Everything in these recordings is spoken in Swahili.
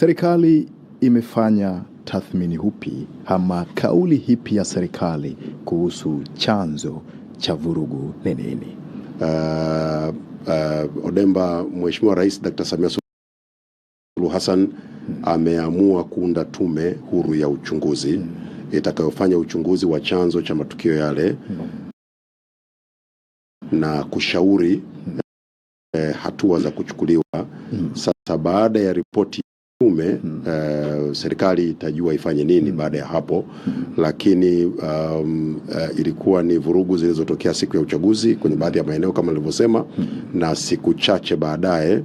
Serikali imefanya tathmini hupi ama kauli hipi ya serikali kuhusu chanzo cha vurugu ni nini? Uh, uh, Odemba, Mheshimiwa Rais Dr. Samia Suluhu Hassan hmm, ameamua kuunda tume huru ya uchunguzi hmm, itakayofanya uchunguzi wa chanzo cha matukio yale hmm, na kushauri hmm, eh, hatua za kuchukuliwa hmm. Sasa baada ya ripoti ume uh, hmm. eh, serikali itajua ifanye nini hmm. baada ya hapo, lakini um, uh, ilikuwa ni vurugu zilizotokea siku ya uchaguzi kwenye baadhi ya maeneo kama nilivyosema, hmm. na siku chache baadaye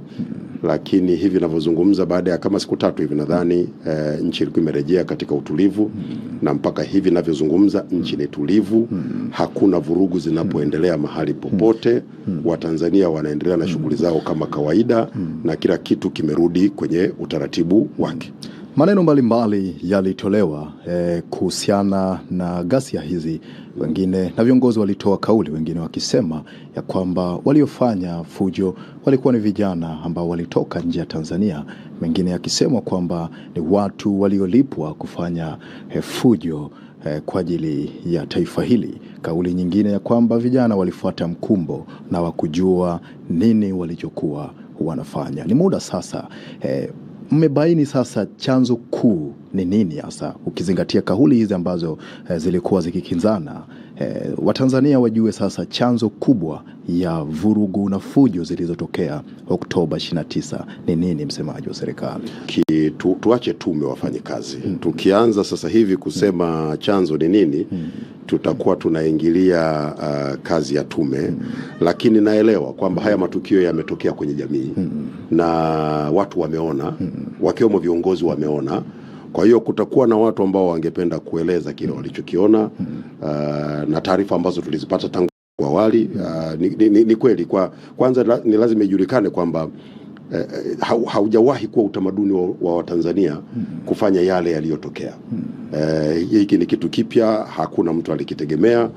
lakini hivi ninavyozungumza, baada ya kama siku tatu hivi nadhani e, nchi ilikuwa imerejea katika utulivu mm. na mpaka hivi ninavyozungumza nchi ni tulivu mm. hakuna vurugu zinapoendelea mahali popote mm. Watanzania wanaendelea na shughuli zao kama kawaida mm. na kila kitu kimerudi kwenye utaratibu wake. Maneno mbalimbali yalitolewa eh, kuhusiana na ghasia hizi, wengine na viongozi walitoa kauli, wengine wakisema ya kwamba waliofanya fujo walikuwa ni vijana ambao walitoka nje ya Tanzania, mengine yakisemwa kwamba ni watu waliolipwa kufanya eh, fujo eh, kwa ajili ya taifa hili. Kauli nyingine ya kwamba vijana walifuata mkumbo na wakujua nini walichokuwa wanafanya. Ni muda sasa eh, mmebaini sasa chanzo kuu ni nini hasa, ukizingatia kauli hizi ambazo eh, zilikuwa zikikinzana eh, Watanzania wajue sasa chanzo kubwa ya vurugu na fujo zilizotokea Oktoba 29 ni nini, msemaji wa serikali? Tu, tuache tume wafanye kazi hmm. Tukianza sasa hivi kusema hmm. chanzo ni nini hmm tutakuwa tunaingilia uh, kazi ya tume mm. Lakini naelewa kwamba haya matukio yametokea kwenye jamii mm na watu wameona, wakiwemo viongozi wameona. Kwa hiyo kutakuwa na watu ambao wangependa kueleza kile walichokiona uh, na taarifa ambazo tulizipata tangu awali. Uh, ni, ni, ni, ni kweli kwa kwanza la, ni lazima ijulikane kwamba eh, haujawahi kuwa utamaduni wa Watanzania wa kufanya yale yaliyotokea. hiki eh, hiki ni kitu kipya, hakuna mtu alikitegemea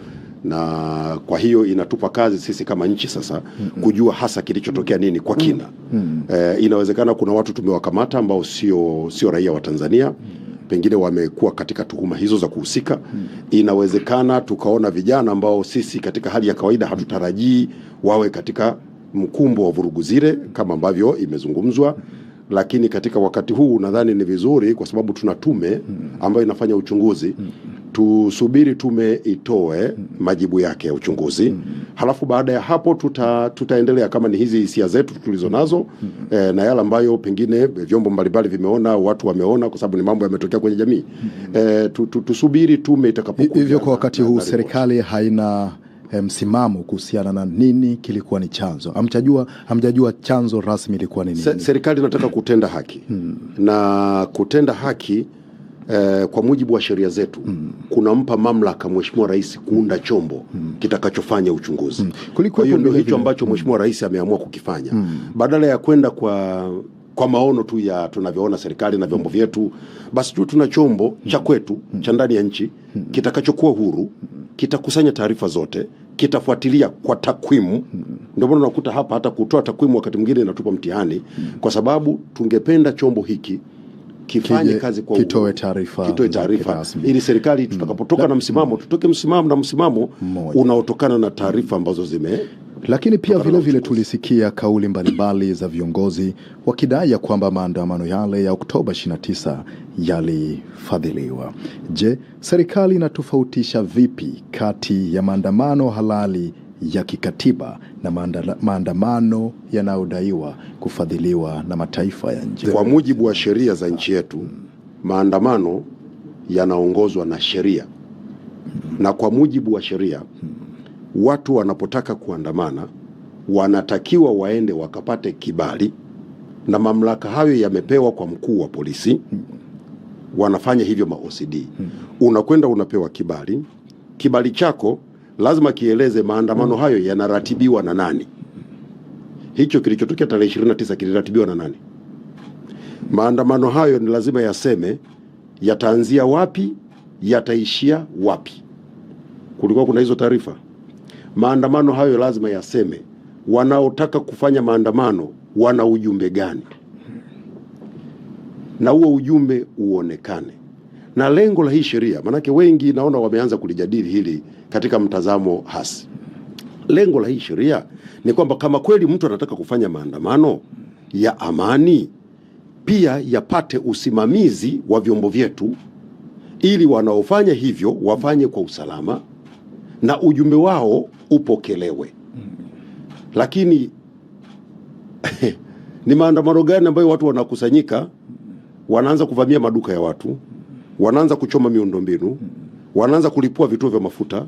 na kwa hiyo inatupa kazi sisi kama nchi sasa mm -hmm. kujua hasa kilichotokea nini kwa kina mm -hmm. E, inawezekana kuna watu tumewakamata ambao sio sio raia wa Tanzania mm -hmm. pengine wamekuwa katika tuhuma hizo za kuhusika mm -hmm. inawezekana tukaona vijana ambao sisi katika hali ya kawaida hatutarajii wawe katika mkumbo wa vurugu zile kama ambavyo imezungumzwa lakini katika wakati huu nadhani ni vizuri kwa sababu tuna tume ambayo inafanya uchunguzi tusubiri tume itoe majibu yake ya uchunguzi mm -hmm. halafu baada ya hapo tuta, tutaendelea kama ni hizi hisia zetu tulizo nazo mm -hmm. e, na yale ambayo pengine vyombo mbalimbali vimeona, watu wameona, kwa sababu ni mambo yametokea kwenye jamii mm -hmm. e, tusubiri tume itakapokuja. Hivyo kwa wakati huu serikali haina eh, msimamo kuhusiana na nini kilikuwa ni chanzo. Hamjajua, hamjajua chanzo rasmi ilikuwa ni nini. Serikali inataka kutenda haki hmm. na kutenda haki eh, kwa mujibu wa sheria zetu mm. kunampa mamlaka mheshimiwa rais kuunda chombo mm. kitakachofanya uchunguzi mm. kwa hiyo ndio hicho ambacho hmm. mheshimiwa rais ameamua kukifanya mm. badala ya kwenda kwa kwa maono tu ya tunavyoona serikali na vyombo vyetu, basi tu tuna chombo cha hmm. kwetu hmm. cha ndani ya nchi kitakachokuwa huru, kitakusanya taarifa zote, kitafuatilia kwa takwimu. Ndio maana unakuta hapa hata kutoa takwimu wakati mwingine inatupa mtihani, kwa sababu tungependa chombo hiki kifanye kazi kwa kitoe taarifa kitoe taarifa, ili serikali mm. tutakapotoka mm. na msimamo tutoke msimamo na msimamo unaotokana na taarifa ambazo zime lakini pia vilevile vile tulisikia kauli mbalimbali za viongozi wakidai ya kwamba maandamano yale ya Oktoba 29 yalifadhiliwa. Je, serikali inatofautisha vipi kati ya maandamano halali ya kikatiba na maandamano yanayodaiwa kufadhiliwa na mataifa ya nje. Kwa mujibu wa sheria za nchi yetu, maandamano yanaongozwa na sheria, na kwa mujibu wa sheria watu wanapotaka kuandamana wanatakiwa waende wakapate kibali, na mamlaka hayo yamepewa kwa mkuu wa polisi. Wanafanya hivyo ma OCD. Hmm. Unakwenda unapewa kibali, kibali chako lazima kieleze maandamano mm. hayo yanaratibiwa na nani. Hicho kilichotokea tarehe 29 kiliratibiwa na nani? Maandamano hayo ni lazima yaseme yataanzia wapi, yataishia wapi. Kulikuwa kuna hizo taarifa. Maandamano hayo lazima yaseme wanaotaka kufanya maandamano wana ujumbe gani, na huo ujumbe uonekane na lengo la hii sheria, maanake wengi naona wameanza kulijadili hili katika mtazamo hasi. Lengo la hii sheria ni kwamba kama kweli mtu anataka kufanya maandamano ya amani, pia yapate usimamizi wa vyombo vyetu, ili wanaofanya hivyo wafanye kwa usalama na ujumbe wao upokelewe. Lakini ni maandamano gani ambayo watu wanakusanyika wanaanza kuvamia maduka ya watu wanaanza kuchoma miundombinu, wanaanza kulipua vituo vya mafuta,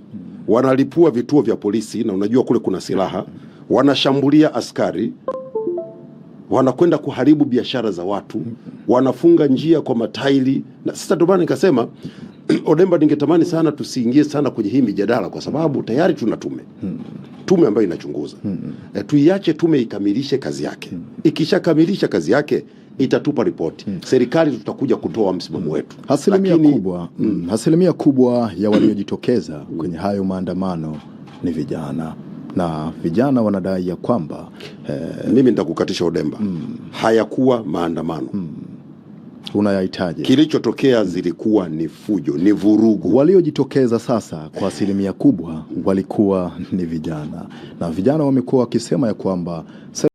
wanalipua vituo vya polisi, na unajua kule kuna silaha, wanashambulia askari, wanakwenda kuharibu biashara za watu, wanafunga njia kwa matairi. Na sasa ndio maana nikasema Odemba, ningetamani sana tusiingie sana kwenye hii mijadala, kwa sababu tayari tuna tume tume ambayo inachunguza mm -hmm. hmm. Eh, tuiache tume ikamilishe kazi yake mm -hmm. Ikishakamilisha kazi yake itatupa ripoti mm -hmm. Serikali tutakuja kutoa msimamo hmm. wetu. Asilimia kubwa, mm, asilimia kubwa ya waliojitokeza kwenye hayo maandamano ni vijana na vijana wanadai ya kwamba eh, mimi nitakukatisha udemba mm. Hayakuwa maandamano mm unayahitaji. Kilichotokea zilikuwa ni fujo, ni vurugu. Waliojitokeza sasa kwa asilimia kubwa walikuwa ni vijana, na vijana wamekuwa wakisema ya kwamba